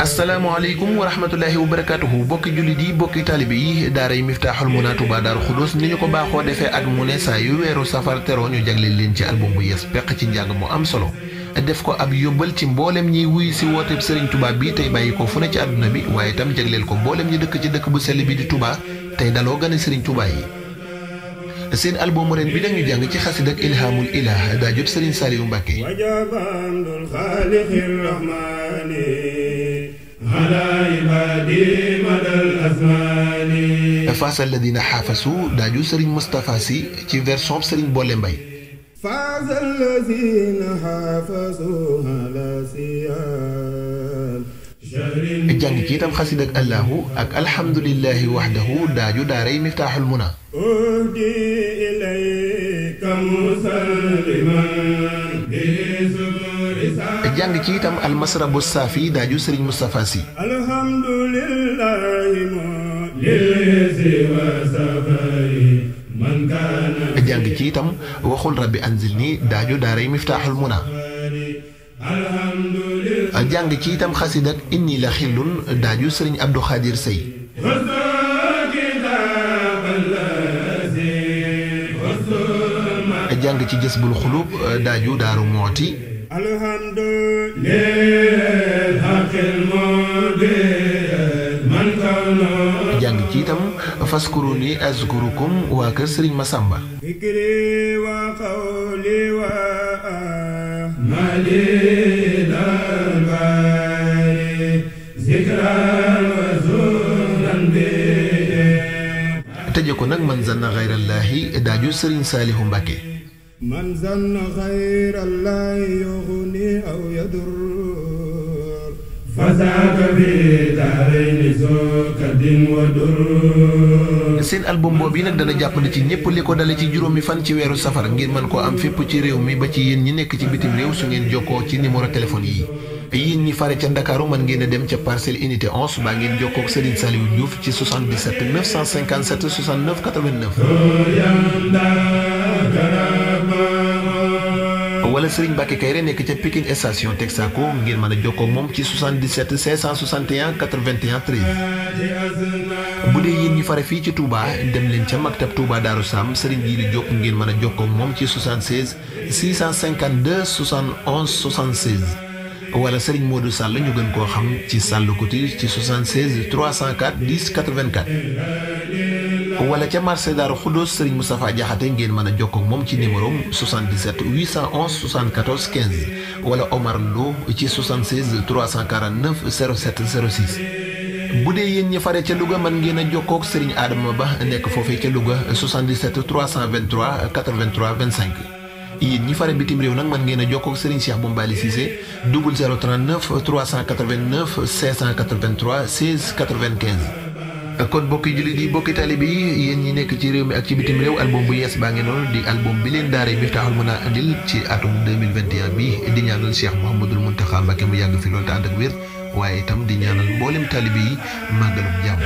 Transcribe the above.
asalaamaaleykum wa rahmatullahi wa barakaatuhu bokki jullit yi bokki taalibe yi daaray miftaaxul munaa Tuubaa daaru xudus ni ñu ko baaxoo defee ak mu ne saa yu weeru safar teroo ñu jagleel leen ci album bu yes peq ci njàng mu am solo def ko ab yóbbal ci mboolem ñiy wuyu si wooteeb sëriñ tubaab bi tey bàyyi ko fu ne ci àdduna bi waaye itam jagleel ko mboolem ñi dëkk ci dëkk bu sell bi di tubaa tey daloo gane sëriñ Touba yi seen album ren bi dañu jàng ci xasida ak ilhaamul ilaah daa jot Serigne Saliou Mbacke. faasa alladina xaafasu daaju Serigne Moustapha Sy ci version Serigne Bolle Mbay. faasa alladina xaafasu ala jàng ci itam xasida ak allahu ak alhamdulillahi waxdahu daaju daaray miftaaxul muna jàng ci itam almasrabu saafi daaju sëriñ Moustapha Sy jàng ci itam waxul rabbi anzilni daaju daaray miftaaxul muna jàng ci itam xasid ak inni la xillun daaju sëriñ Abdou Khadir Sey jàng ci jës bul xulub daaju daaru mooti jàng ci itam faskuruni azkurukum waa kër sëriñ Masamba tëje ko nag man zanna xayrallaahi daaju sëriñ saalihu mbàkke man zanna xayrallaahi yuxni aw yadur fasaaka bi seen album boobu yi nag dana jàppale ci ñëpp li ko dale ci juróomi fan ci weeru safar ngir mën ko am fépp ci réew mi ba ci yéen ñi nekk ci bitim réew su ngeen jokkoo ci numéro téléphone yi yéen ñi fare ca Ndakaaru mën ngeen a dem ca parcelle unité 11 baa ngeen jokkoo ak Serigne Saliou Diouf ci 77 957 69 89. wala Serigne Mbacke Kayre nekk ca Pikine station Texaco ngeen mën a jokkoo moom ci 77 561 81 13. bu dee yéen ñi fare fii ci Touba dem leen ca Maktab Touba Darou Sam Serigne Jili Diop ngeen mën a jokkoo moom ci 76 652 71 76. wala Serigne Modou Sall ñu gën koo xam ci Sall Couture ci 76 304 10 84. wala ca marché Darou Khoudoss Serigne Moustapha Diakhaté ngeen mën a jokkoo moom ci numéro 77 811 74 15 wala Omar ci 76 349 07 bu dee yéen ñi fare ca Louga mën ngeen a jokkoo ak Serigne Adama Ba nekk foofee ca Louga 77 323 83 25. yéen ñi fare bitim réew nag mën ngeen a jokkoo ak Serigne Cheikh Bombali Cissé kon bokki jullit yi bokki taalibe yi yéen ñi nekk ci réew mi ak ci bitim réew album bu yees baa ngi noonu di album bi leen daare Miftaahul mën a andil ci atum 2021 bi di ñaanal Cheikh Mouhamadul Mountakha Mbacké mu yàgg fi loolu te ànd ak wér waaye itam di ñaanal mboolem taalibe yi màggalum jàmm